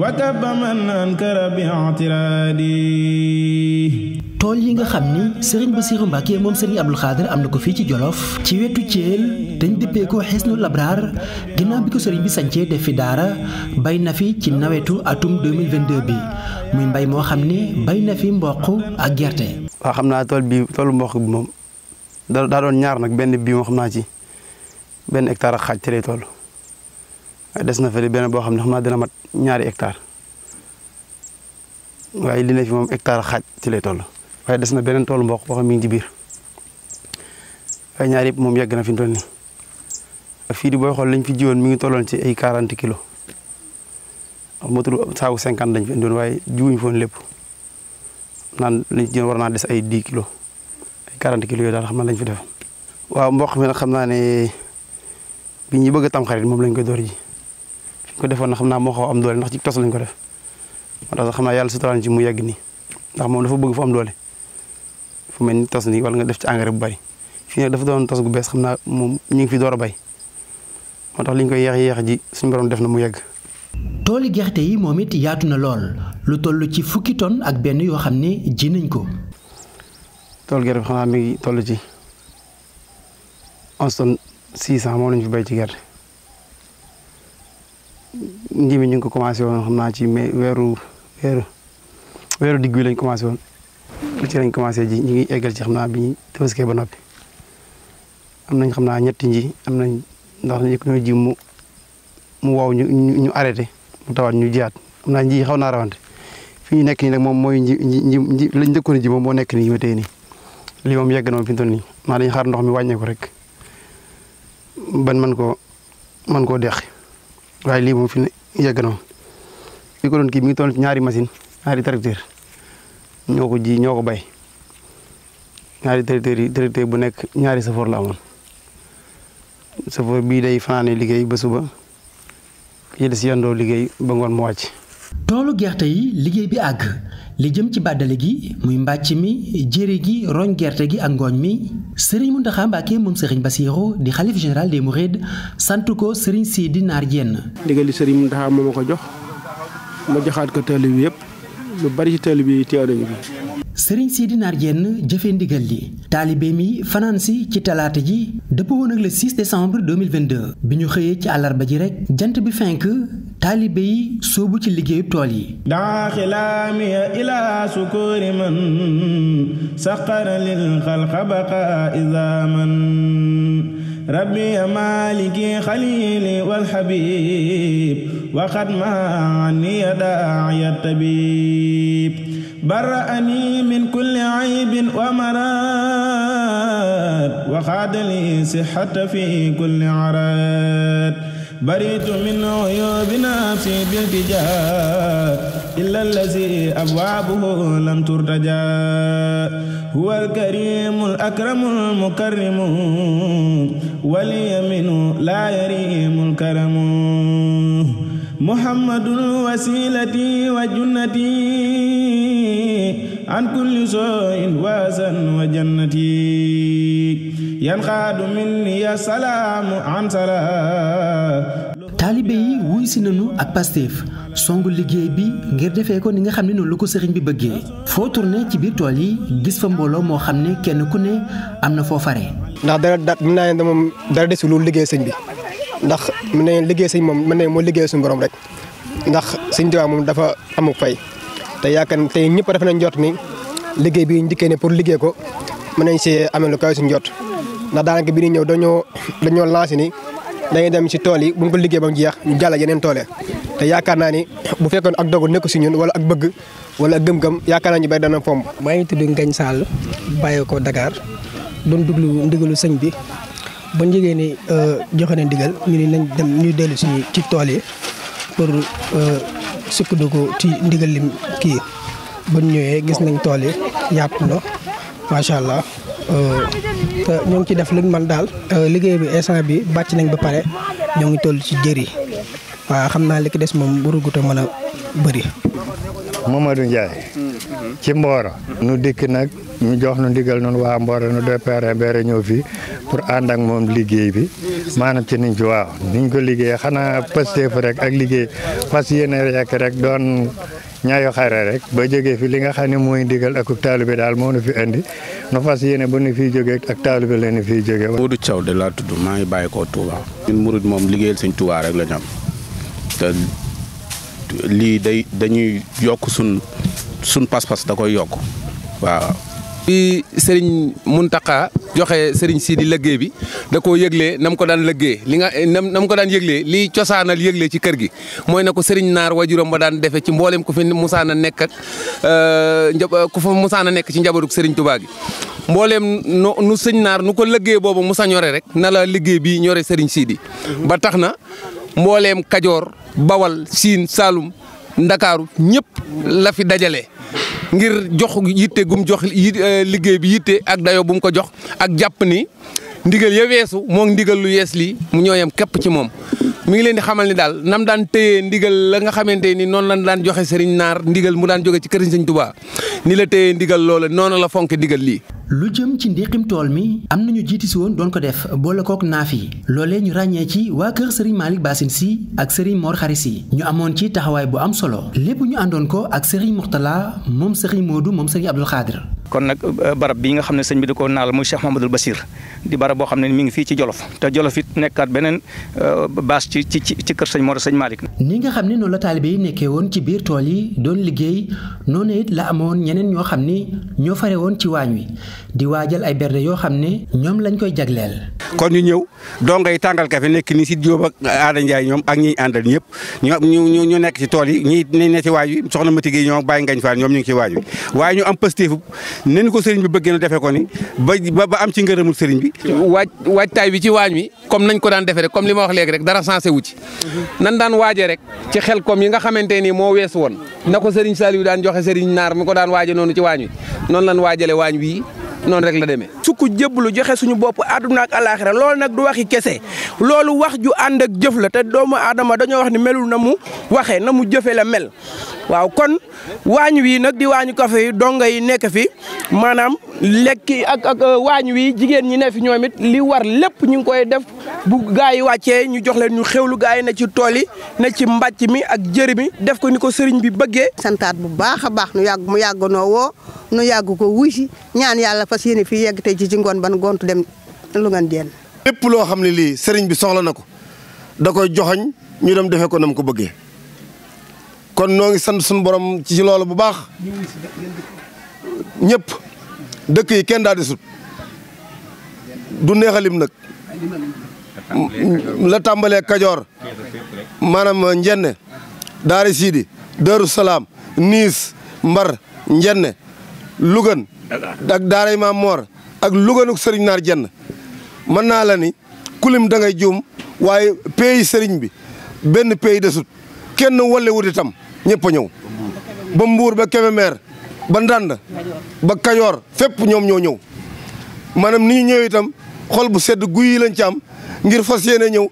وكب من أنكر tool yi nga xam ni Serigne Bassirou Mbacke moom Serigne Abdou Khadre am na ko fii ci Jolof ci wetu Thiel dañ dëppee ko Hisnul Abraar ginnaaw bi ko Serigne bi sancee def fi daara bay na fi ci nawetu atum 2022 bi muy mbay moo xam ni bay na fi mboq ak gerte. waaw xam naa tool bi toolu mboq bi moom daa doon ñaar nag benn bii moo xam naa ci benn hectare ak xaaj tere tool. des na fa di benn boo xam ne xam naa dina mat ñaari ectar waaye li ne moom hectare xaaj ci lay toll waaye des na beneen toolu mbok boo xam mi ngi ci biir waaye ñaari moom yegg na fi mu toll nii ak fii di booy xool lañ fi jiwoon mi ngi tolloon ci ay 40 kilos motul saaku 50 dañ fi indoon waaye jiwuñ foon lépp naan lañ ci jël war naa des ay di kilo ay 40 kilos yooyu daal xam lañ fi def waaw mboq mi nag xam naa ne bi ñu bëgg a tam xarit moom lañ koy door ji ko defoon na xam naa moo xaw am doole ndax ci tos lañ ko def moo tax xam naa yàlla suturaan ci mu yegg nii ndax moom dafa bëgg fu am fu mel ni tos nii wala nga def ci engrais bu bari fii nag dafa tos gu bees xam naa moom ñu ngi fi door bay moo tax li ñu koy yeex ji suñu borom def na mu yegg. tooli gerte yi moom it yaatu na lool lu tollu ci fukki tonnes ak benn yoo xam ni ji nañ ko. tool gerte bi xam naa mi ngi toll ci onze tonnes six cent moom lañ fi bay ci gerte. nji mi ñu ngi ko commencé woon xam naa ci mais weeru weeru weeru digg bi lañ commencé woon ci lañ commencé ji ñu ngi eggal ci xam naa bi ñu tëbaskee ba noppi nañ xam naa ñetti nji am nañ ndax ñëpp ñoo ji mu mu wow ñu ñu arrêté mu tawaat ñu jiyaat xam naa nji xaw naa rawante fi ñu nekk nii nag moom mooy nji nji nji lañ njëkkoon ji moom moo nekk ni ba tey nii lii moom yegg na moom fi maa dañu xaar ndox mi wàññeeku rek ban man koo man koo deqi waaye lii yàgg na woon bi ko doon kii mi ngi toll ñaari machine ñaari tracteur ñoo ko ji ñoo ko bay ñaari tracteurs yi tracteur bu nekk ñaari safoor la amoon safoor bii day fanaane liggéey ba suba yële si yandoo liggéey ba ngoon mu wàcc. toolu gerte yi liggéey bi àgg. li jëm ci bàddale gi muy mbàcc mi jëre gi roñ gerte gi ak ngooñ mi sëriñ Muntaxa Mbàkke moom sëriñ Basiiru di xalif de des Mourides sant ko sëriñ Sidi Naar Dieng. ndigali sëriñ Muntaxa moo ma ko jox ma joxaat ko taalib bi yëpp lu bari ci taalib bi teew nañu fi. sëriñ Sidi Naar Dieng jëfee ndigal li taalibe mi fanaan si ci talaata ji dëpp woon ak le 6 décembre 2022 bi ñu xëyee ci àllarba ji rek jant bi fenk taalibe yi soobu ci liggéeyu tool yi daa xilaamiya ilaa sukuuri man saqara lil xalqa baqa izaaman rabbi ya maaliki xaliili wal xabiib waxat ma anniya daaya tabiib برأني من كل عيب ومراد وخاد لي صحة في كل عراب baritu min uyubina fi biltija illa allazi abwaabuhu lam turtaja huwa alkarimu alakramu almukarrimu waliyaminu la yarimu alkaramu muhammadun wasilati wa junnati an kulli sooin waasan wa jannati yanqaadu minni ya salaamu taalibe yi wuy si nañu ak Pastef song liggéey bi ngir defee ko ni nga xam ne noonu la ko sëriñ bi bëggee foo tourné ci biir tool yi gis fa mbooloo moo xam ne kenn ku ne am na foo fare ndax dara da mën naa ne moom dara desul lu liggéey sëñ bi ndax mën nañu liggéey sëñ moom mën nañu moo liggéey suñu borom rek ndax sëñ Tuubaa moom dafa amuk fay te yaakaar te ñëpp def nañ jot ni liggéey bi ndikkee ne pour liggéey ko mën nañ si amee lu kaw suñu bi ñu ñëw dañoo dañoo lancé ni dañuy dem si tool yi bu ñu ko liggéey ba jeex ñu jàll yeneen tool te yaakaar naa ni bu fekkoon ak dogu nekk si ñun wala ak bëgg wala gëm-gëm yaakaar naa ñu bay dana fomb. maa ngi tudd Ngagne Sall bàyyi ko Dakar doon duglu ndigalu sëñ bi ba njëgee ni euh, joxe na ndigal ñu dem ñu dellu si ci tool yi pour. Euh, sukkandiku ci ndigalim kii ba ñëwee gis nañ tool yi yàpp na macha allah euh, te ñoo ngi ci def lu man daal. Euh, liggéey bi instant bi bàcc nañ ba pare ñoo ngi toll ci jëri waaw xam naa li ki des moom warugut a mën a bëri. Mamadou Ndiaye. Mm. ci Mboro. Mm. nu dikk nag. ñu jox nu ndigal noonu waa Mboro nu déparé Mbéré ñëw fii pour ànd ak moom liggéey bi maanaam ci niñ ci waaw niñ ko liggéey xanaa Pastef rek ak liggéey fas yéene rek rek doon ñaayo xare rek ba jógee fi li nga xam ne mooy ndigal ak bi daal moo nu fi indi nu fas yéene bu nu fiy jógee ak taalibe bi nu fiy jógee. Modou Thiaw de laa tudd maa ngi bàyyi koo Touba. ñun murid moom liggéeyal sëñ Touba rek la ñu am te lii day dañuy yokk sun sun pas-pas da koy yokk waaw. bi Serigne Mountakha joxe sëriñ Sidi lëggéey bi da koo yëglee na ko daan lëggéey li nga na mu ko daan yëglee liy cosaanal yëglee ci kër gi. mooy na ko Serigne Naar wajuram ba daan defee ci mboolem ku fi musaana nekk ak euh, ku fa musaana nekk ci njabootug sëriñ Touba mbooleem nu nu sëñ naar nu ko lëggéey boobu mu sa ñore rek na la liggéey bi ñore Serigne Sidi ba tax na mbooleem Kajoor Bawal Siin Saalum Ndakaaru ñëpp la dajale ngir jox yitte gum jox eh, liggéey bi yitte ak dayo bu ko jox ak jàpp ni ndigal ya weesu moo ndigal lu yees lii mu ñoo yem képp ci moom. mu ngi leen di xamal ni daal nam daan téye ndigal la nga xamante ni noonu lañ daan joxe sëriñ naar ndigal mu daan jóge ci këriñ sëñ Tuubaa ni la téye ndigal loola noonu la fonke ndigal lii. lu jëm ci ndiqim tool mi am na ñu jiiti si woon doon ko def boole kook naaf yi loolee ñu ràññee ci waa kër sëriñ Malick Bassine si ak sëriñ Mor Khary Sy ñu amoon ci taxawaay bu am solo lépp ñu àndoon ko ak sëriñ Mourtala moom sëriñ Modou moom sëriñ Abdoul Khadir kon nag euh, barab bii nga xam ne sëñ bi da ko naal muy Cheikh Mahamadul Basir di barab boo xam ne mu ngi fii ci Jolof te Jolof it nekkaat beneen euh, baas ci ci ci kër sëñ Mor sëñ Malick ni nga xam ne noonu la taalibe yi ci biir tool yi doon liggéey noonu it la amoon ñeneen ñoo xam ne ñoo fare woon ci waañ wi di waajal ay berde yoo xam ne ñoom lañ koy jagleel. kon ñu ñëw dongay tàngal kafe nekk ni si Diop ak Aada Ndiaye ñoom ak ñi àndal ñëpp ñu ñu ñu nekk ci tool yi ñi ne ne ci waaj wi soxna Mati Gueye ñoom bàyyi ngañ ñoom ñu ngi ci waaj wi waaye ñu am pëstéefu nen ko sëriñ bi bëgg na defee ko ni ba ba am ci ngërëmul sëriñ bi. waaj waajtaay bi ci waañ wi comme nañ ko daan defee rek comme li ma wax léegi rek dara sensé wu ci nan daan waajee rek ci xel kom yi nga xamante ni moo weesu woon na ko sëriñ Saliou daan joxe sëriñ Naar mi ko daan waaje noonu ci waañ wi noonu lan noonu rek la demee. sukk jébbalu joxe suñu bopp àdduna ak alaaxira loolu nag du waxi kese loolu wax ju ànd ak jëf te doomu aadama dañoo wax ni melul na mu waxee na mu jëfee la mel waaw kon waañ wi nag di waañu kafe yi donga yi nekk fi maanaam lekki ak ak euh, waañ wi jigéen ñi ne fi ñoom it li war lépp ñu ngi koy def bu gaa yi wàccee ñu jox leen ñu lu gaay yi ne ci tool yi ne ci mbàcc mi ak jëri mi def ko ni ko sëriñ bi bëggee. santaat bu baax a baax nu yàgg mu yàgg noo woo nu yàgg ko wuy si ñaan yàlla fas yéene fii yegg tey ci ci ngoon ban gontu dem lu ngeen jéem. lépp loo xam ne lii sëriñ bi soxla na ko da koy joxoñ ñu dem defee ko nam ko bëggee. kon noo sant suñu borom ci loolu bu baax ñëpp dëkk yi kenn daal di sut du neexalim nag la tàmbalee Kajoor maanaam njenne daari siidi Daaru Salaam Niis Mbar njenne Lugan ak daaray Maam Moor ak Luganuk sëriñ naar jenn mën naa la ni kulim da ngay juum waaye pays sëriñ bi benn pays desut kenn wale wut itam ñëpp ñëw ba Mbour ba Kébémer ba Ndand ba Kajoor fépp ñoom ñoo ñëw maanaam ni ñëw itam xol bu sedd guy yi lañ ci am ngir fas yéene ñëw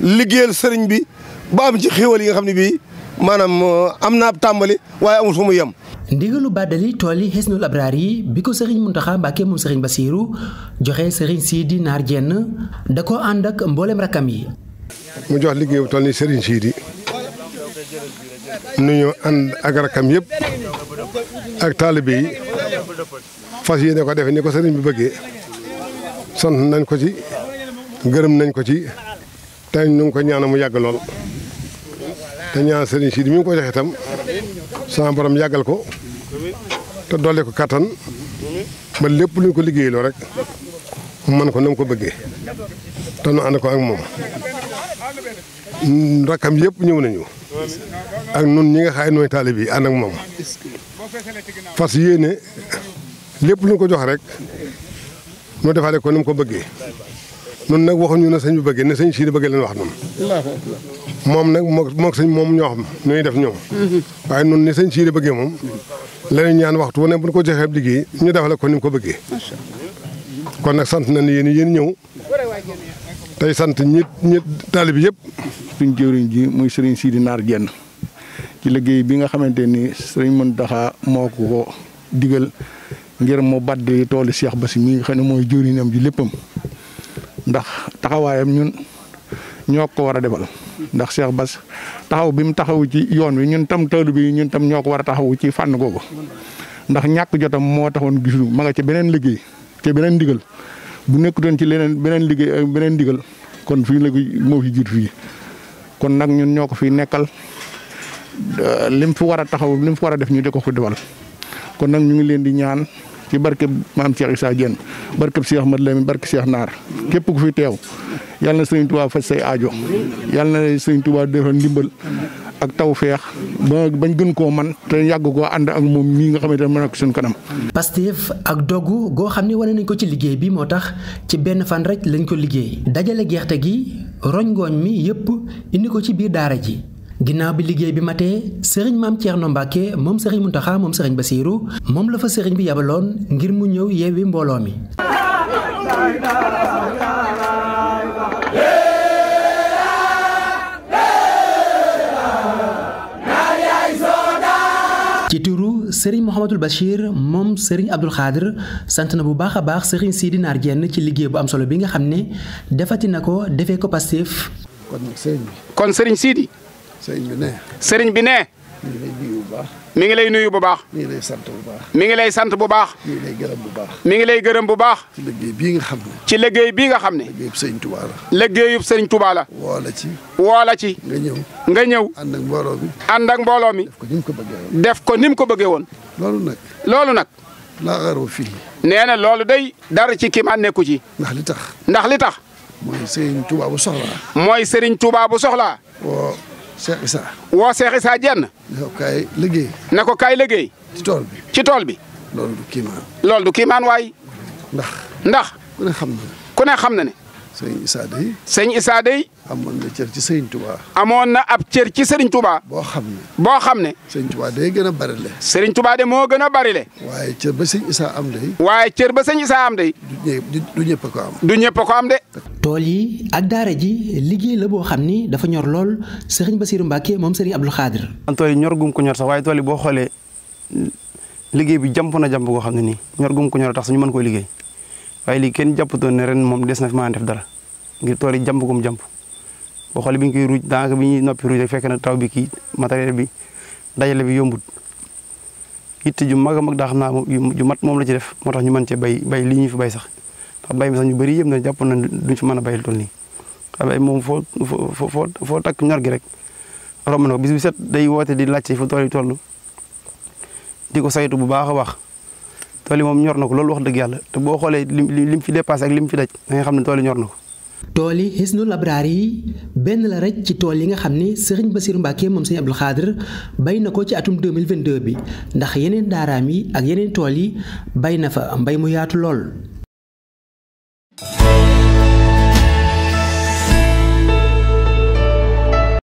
liggéeyal sëriñ bi ba am ci xéwal yi nga xam ne bii maanaam euh, am naa ab tàmbali waaye amul fu mu yem. ndigalu bàddali tool yi Hisnul Abraar yi bi ko sëriñ Muntaxa Mbàkke moom sëriñ siiru joxe sëriñ di Naar Jenn da ko ànd ak mboolem rakam yi. mu jox liggéey bu toll nii sëriñ Sidi nu ñu ànd ak rakam yëpp ak taalibe yi fas yéene ko defe ni ko sëriñ bi bëggee sant nañ ko ci gërëm nañ ko ci tey ñu ngi ko ñaanal mu yàgg lool te ñaan sëriñ si di mi ngi ko joxe tam sama borom yàggal ko te dolli ko kattan ba lépp lu ñu ko liggéeyloo rek man ko na mu ko bëggee te nu ànd ko ak moom rakkam yépp ñëw nañu ak nun ñi nga xay nooy taalib yi ànd ak moom fas yéene lépp lu ñu ko joxe rek nu defaale ko ni mu ko bëggee nun nag waxuñu na sañ bi bëggee ne sëñ sii di leen wax moom nag moo mook sëñ moom ñoo xam ñuy def ñoom waaye nun ni sëñ sii di bëggee moom lañu ñaan waxtu wu ne bu ñu ko joxee liggéey ñu defale ko ni mu ko bëggee kon nag sant na yéen yéen ñëw tey sant ñi ñi taalib yëpp suñ jëwriñ ji muy sëriñ di Naar Jenn ci liggéey bi nga xamante ni sëriñ mën Mountakha moo ko ko digal ngir mu baddi toolu Cheikh Bassi mi nga xam ne mooy jëwriñam ji léppam ndax taxawaayam ñun ñoo ko war a defal ndax Cheikh Bass taxaw bi mu taxawu ci yoon wi ñun tam taalu bi ñun tam ñoo ko war a taxaw ci fànn googu ndax ñàkk jotam moo taxoon gisu ma ci beneen liggéey ca beneen ndigal bu nekkutoon ci leneen beneen liggéey beneen ndigal kon fii la moo fi jiit kon nag ñun ñoo ko fi nekkal euh, lim fi war a taxaw lim fi war a def ñu di ko fi defal kon nag ñu ngi leen di ñaan ci barkeb maam Cheikh Issa Diène barkeb Cheikh Ahmad mi barke Cheikh Naar képp ku fi teew yàlla na Sëriñ Tuubaa faj say aajo yàlla na Sëriñ Tuubaa defal ndimbal ak tawféex ba bañ gën koo man te yàgg koo ànd ak moom mii nga xamante ne mën ak suñ kanam. Pastef ak dogu goo xam ne wane nañ ko ci liggéey bi moo tax ci benn fan rek lañ ko liggéey dajale gerte gi roñ ngooñ mi yépp indi ko ci biir daara ji. ginnaaw bi liggéey bi matee sëriñ maam Thierno Mbacke moom sëriñ Mountakha moom sëriñ Bassirou moom la fa sëriñ bi yabaloon ngir mu ñëw yeewi mbooloo mi. Serigne Mouhamadul Bachir moom Serigne Abdul Xaadir sant na bu baax a baax Serigne Sidi Naar Dieng ci liggéey bu am solo bi nga xam ne defati na ko defee ko Pastef. kon Serigne bi. kon bi ne. baax. mi ngi lay nuyu bu baax. mi ngi lay sant bu baax. mi ngi lay sant bu baax. mi ngi lay gërëm bu baax. mi ngi lay gërëm bu baax. ci liggéey bii nga xam ne. ci liggéey bii nga xam ne. liggéeyub sëñ Touba la. liggéeyub sëñ Touba la. woo la ci. woo la ci. nga ñëw. nga ñëw. ànd ak mbooloo mi. ànd ak mbooloo mi. def ko ni mu ko bëggee woon. def ko ni mu ko bëggee woon. loolu nag. loolu nag. laa xaroo fii. nee na loolu day. dara ci kiimaan nekku ci. ndax li tax. ndax li tax. mooy Serigne Touba bu soxlaa. mooy Serigne Touba bu soxlaa. woo Cheikh Issa. woo Cheikh Issa Diène. ne ko kaay liggéey. ne ko kaay liggéey. ci tool bi ci tool bi. loolu du kiimaan. loolu du kiimaan waay. ndax. ndax. ku ne xam na ku ne xam na ne. sëñ Issa Dey. sëñ Issa Dey. amoon na cër ci sëriñ Touba. amoon na ab cër ci sëriñ Touba. boo xam ne. boo xam ne. sëriñ Touba day gën a bari le. sëriñ tubaa de moo gën a bari le. waaye cër ba sëñ Issa am dey. du ñëpp ko am. du ñëpp ko am de. tool yi ak daara ji liggéey la boo xam ni dafa ñor lool sëriñ Bassirou Mbacké moom sëriñ Abdou Khadre. tool yi ñor gum ko ñor sax waaye tool yi boo xoolee liggéey bi jàmp na jàmp goo xam ne nii ñor gum ko ñor tax su ñu mën koo liggéey waaye lii kenn jàppatoon na ren moom des na fi maa def dara ngir tool yi jàmp ko jàmp boo xoolee bi ñu koy ruuj daanaka bi ñuy noppi ruuj rek fekk taw bi kii matériel bi dajale bi yombut itte ju mag a mag daa xam naa ju mat moom la ci def moo tax ñu mën cee bay bay lii ñu fi bay sax ndax bay sax ñu bëri yëpp na jàpp na duñ fi mën a bayal tool nii waaye moom foo foo foo takk ñor gi rek romb na ko bis day woote di laajte fu tool yi toll di ko saytu bu baax a baax tool yi moom ñor na ko loolu wax dëgg yàlla te boo xoolee lim lim fi dépassé ak lim fi daj da nga xam ne tool yi ñor na ko. tool yi Hisnul Abraar yi benn la rek ci tool yi nga xam ne sëriñ Bassirou Mbacke moom sëriñ Abdou Khadr bay na ko ci atum 2022 bi ndax yeneen daaraam yi ak yeneen tool yi bay na fa mbay mu yaatu lool.